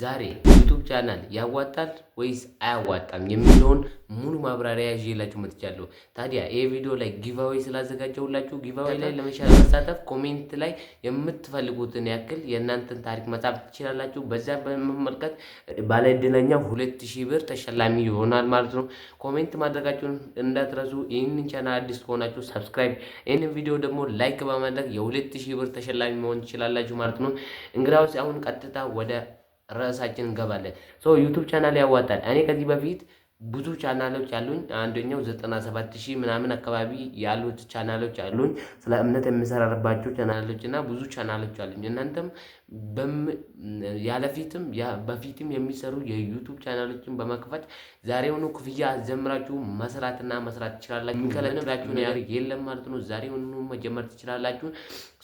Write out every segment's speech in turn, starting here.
ዛሬ ዩቱብ ቻናል ያዋጣል ወይስ አያዋጣም የሚለውን ሙሉ ማብራሪያ ይዤላችሁ መጥቻለሁ። ታዲያ ይህ ቪዲዮ ላይ ጊቫዌ ስላዘጋጀሁላችሁ ጊቫዌ ላይ ለመሻል መሳተፍ ኮሜንት ላይ የምትፈልጉትን ያክል የእናንተን ታሪክ መጻፍ ትችላላችሁ። በዛ በመመልከት ባለ ሁለት ሺህ ብር ተሸላሚ ይሆናል ማለት ነው። ኮሜንት ማድረጋችሁን እንዳትረሱ። ይህንን ቻናል አዲስ ከሆናችሁ ሰብስክራይብ፣ ይህንን ቪዲዮ ደግሞ ላይክ በማድረግ የሁለት ሺህ ብር ተሸላሚ መሆን ትችላላችሁ ማለት ነው። እንግዲያውስ አሁን ቀጥታ ወደ ርዕሳችን እንገባለን። ሶ ዩቱብ ቻናል ያዋጣል። እኔ ከዚህ በፊት ብዙ ቻናሎች አሉኝ። አንደኛው ዘጠና ሺህ ምናምን አካባቢ ያሉት ቻናሎች አሉኝ። ስለ እምነት የምሰራርባቸው ቻናሎች እና ብዙ ቻናሎች አሉኝ። እናንተም ያለፊትም በፊትም የሚሰሩ የዩቱብ ቻናሎችን በመክፈት ዛሬውኑ ክፍያ አዘምራችሁ መስራትና መስራት ትችላላችሁ። የሚከለክላችሁ ነገር የለም ማለት ነው። ዛሬውኑ መጀመር ትችላላችሁ።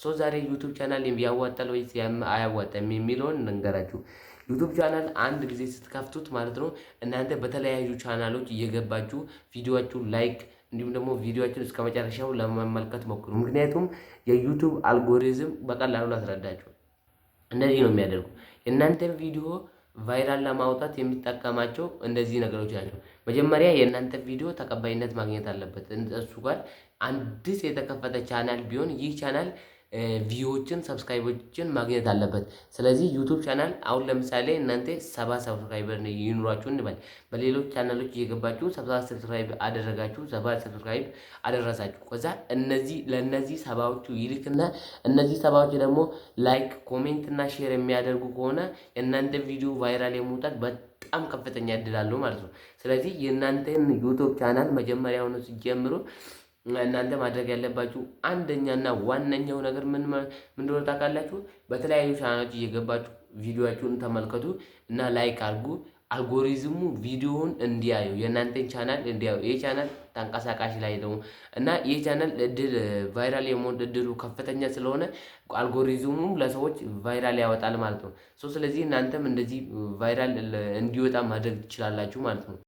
ሶ ዛሬ ዩቱብ ቻናል ያዋጣል ወይስ አያዋጣም የሚለውን ልንገራችሁ። ዩቱብ ቻናል አንድ ጊዜ ስትከፍቱት ማለት ነው እናንተ በተለያዩ ቻናሎች እየገባችሁ ቪዲዮችሁን ላይክ እንዲሁም ደግሞ ቪዲዮችን እስከ መጨረሻው ለመመልከት ሞክሩ። ምክንያቱም የዩቱብ አልጎሪዝም በቀላሉ ላስረዳችሁ፣ እንደዚህ ነው የሚያደርጉ የእናንተን ቪዲዮ ቫይራል ለማውጣት የሚጠቀማቸው እንደዚህ ነገሮች ናቸው። መጀመሪያ የእናንተ ቪዲዮ ተቀባይነት ማግኘት አለበት። እሱ ጋር አንድስ የተከፈተ ቻናል ቢሆን ይህ ቻናል ቪዎችን ሰብስክራይቦችን ማግኘት አለበት። ስለዚህ ዩቱብ ቻናል አሁን ለምሳሌ እናንተ ሰባ ሰብስክራይበር ይኑራችሁ እንበል። በሌሎች ቻናሎች እየገባችሁ ሰባ ሰብስክራይብ አደረጋችሁ፣ ሰባ ሰብስክራይብ አደረሳችሁ። ከዛ እነዚህ ለእነዚህ ሰባዎቹ ይልክና እነዚህ ሰባዎች ደግሞ ላይክ፣ ኮሜንት እና ሼር የሚያደርጉ ከሆነ የእናንተ ቪዲዮ ቫይራል የመውጣት በጣም ከፍተኛ እድል አለው ማለት ነው። ስለዚህ የእናንተን ዩቱብ ቻናል መጀመሪያውኑ ሲጀምሩ እናንተ ማድረግ ያለባችሁ አንደኛና ዋነኛው ነገር ምን እንደሆነ ታውቃላችሁ? በተለያዩ ቻናሎች እየገባችሁ ቪዲዮችሁን ተመልከቱ እና ላይክ አድርጉ። አልጎሪዝሙ ቪዲዮውን እንዲያዩ የእናንተን ቻናል እንዲያዩ ይህ ቻናል ተንቀሳቃሽ ላይ ነው እና ይህ ቻናል እድል ቫይራል የመሆን እድሉ ከፍተኛ ስለሆነ አልጎሪዝሙም ለሰዎች ቫይራል ያወጣል ማለት ነው። ስለዚህ እናንተም እንደዚህ ቫይራል እንዲወጣ ማድረግ ትችላላችሁ ማለት ነው።